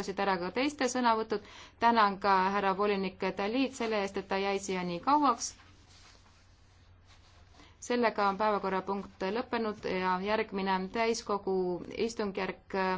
kuulasid ära ka teiste sõnavõtud. tänan ka härra volinik Dalit selle eest, et ta jäi siia nii kauaks. sellega on päevakorrapunkt lõppenud ja järgmine täiskogu istungjärk